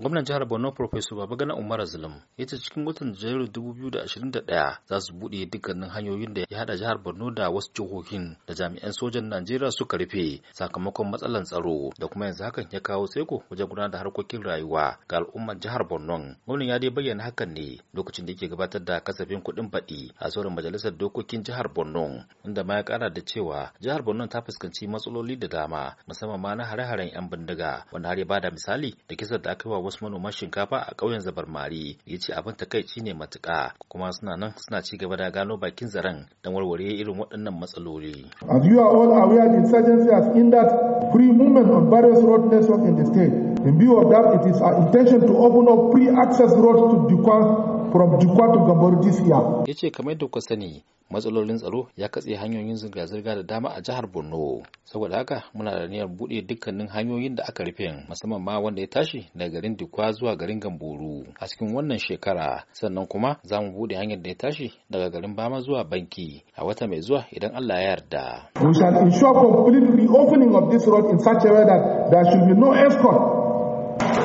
gwamnan jihar borno professor babagana umar zulum ya ce cikin watan janairu 2021 za su buɗe dukkanin hanyoyin da ya haɗa jihar borno da wasu jihohin da jami'an sojan najeriya suka rufe sakamakon matsalan tsaro da kuma yanzu hakan ya kawo tseko wajen gudanar da harkokin rayuwa ga al'ummar jihar borno gwamnan ya dai bayyana hakan ne lokacin da yake gabatar da kasafin kuɗin baɗi a sauran majalisar dokokin jihar borno inda ma ya ƙara da cewa jihar borno ta fuskanci matsaloli da dama musamman ma na hare-haren 'yan bindiga wanda har ya bada misali da kisar da aka wasu manoman shinkafa a ƙauyen zabarmari ya ce abin takaici ne matuƙa kuma suna nan suna ci gaba da gano bakin zaren don warware irin waɗannan matsaloli. As you are all aware, the insurgency has hindered free movement on various road networks in the state. In view of that, it is our intention to open up free access roads to Dukan from Dikwa to Gambaru this Ya ce kamar da kuka sani matsalolin tsaro ya katse hanyoyin zirga-zirga da dama a jihar Borno. Saboda haka muna da niyyar buɗe dukkanin hanyoyin da aka rufe musamman ma wanda ya tashi daga garin Dikwa zuwa garin Gamburu a cikin wannan shekara. Sannan kuma za mu buɗe hanyar da ya tashi daga garin Bama zuwa Banki a wata mai zuwa idan Allah ya yarda. We shall ensure complete reopening of this road in such a way that there should be no escort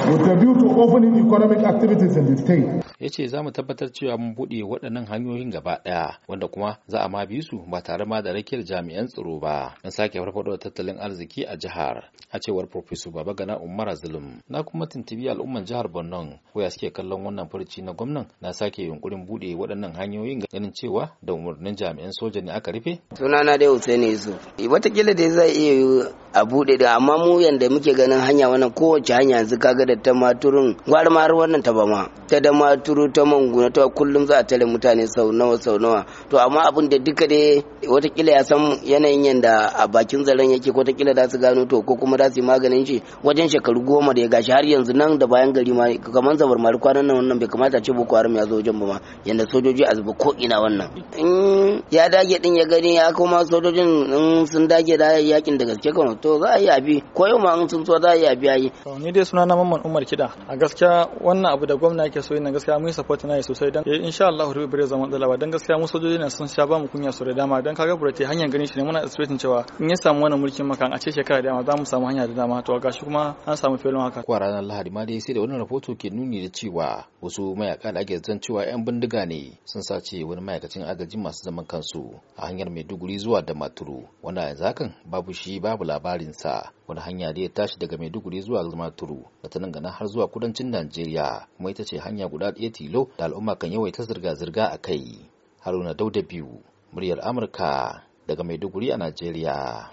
with a view to opening economic activities in the state. ya ce za mu tabbatar cewa mun buɗe waɗannan hanyoyin gaba ɗaya wanda kuma za a ma bi su ba tare ma da rakiyar jami'an tsaro ba na sake farfaɗo da tattalin arziki a jihar a cewar Baba Gana Umar Zulum na kuma tuntubi al'ummar jihar Borno ya suke kallon wannan farci na gwamnan na sake yunkurin buɗe waɗannan hanyoyin ganin cewa da umarnin jami'an soja ne aka rufe. Sunana dai Hussein Yusuf. Eh, Watakila dai zai iya a buɗe da amma mu yanda muke ganin hanya wannan kowace hanya yanzu kaga da ta maturin gwarmar wannan ta bama ta da maturu ta manguna ta kullum za a tare mutane sau nawa sau nawa to amma abin da duka dai watakila ya san yanayin yanda a bakin zaren yake ko watakila za su gano to ko kuma za su yi maganin shi wajen shekaru goma da ya gashi har yanzu nan da bayan gari ma kamar zabar mari kwanan nan wannan bai kamata ce boko haram ya zo wajen ba ma yanda sojoji a zuba ko ina wannan in ya dage din ya gani ya kuma sojojin sun dage da yakin da gaske kawai to za a yi abi ko yau ma an sun za a yi abi ayi ni dai sunana mamman Umar Kida a gaskiya wannan abu da gwamna yake so yana gaskiya mun support na sosai dan eh, insha Allah rubi bare zaman dalawa dan gaskiya mu sojoji ne sun sha ba mu kunya su da dama dan kaga burate hanyar ganin shi ne muna expectin cewa in ya samu wannan mulkin makan a ce shekara da dama za mu samu hanya da dama to gashi kuma an samu felon haka ko ranar Lahadi ma dai sai da wannan rahoto ke nuni da cewa wasu mayaka da ake zan cewa yan bindiga ne sun sace wani ma'aikacin agajin masu zaman kansu a hanyar Maiduguri zuwa Damaturu wanda yanzu hakan babu shi babu labari labarinsa wani hanya da ya tashi daga maiduguri zuwa Turu, da ta nan gana har zuwa kudancin najeriya kuma ita ce hanya guda ɗaya tilo da al'umma kan yawaita zirga-zirga a kai haruna dauda biyu muryar amurka daga maiduguri a najeriya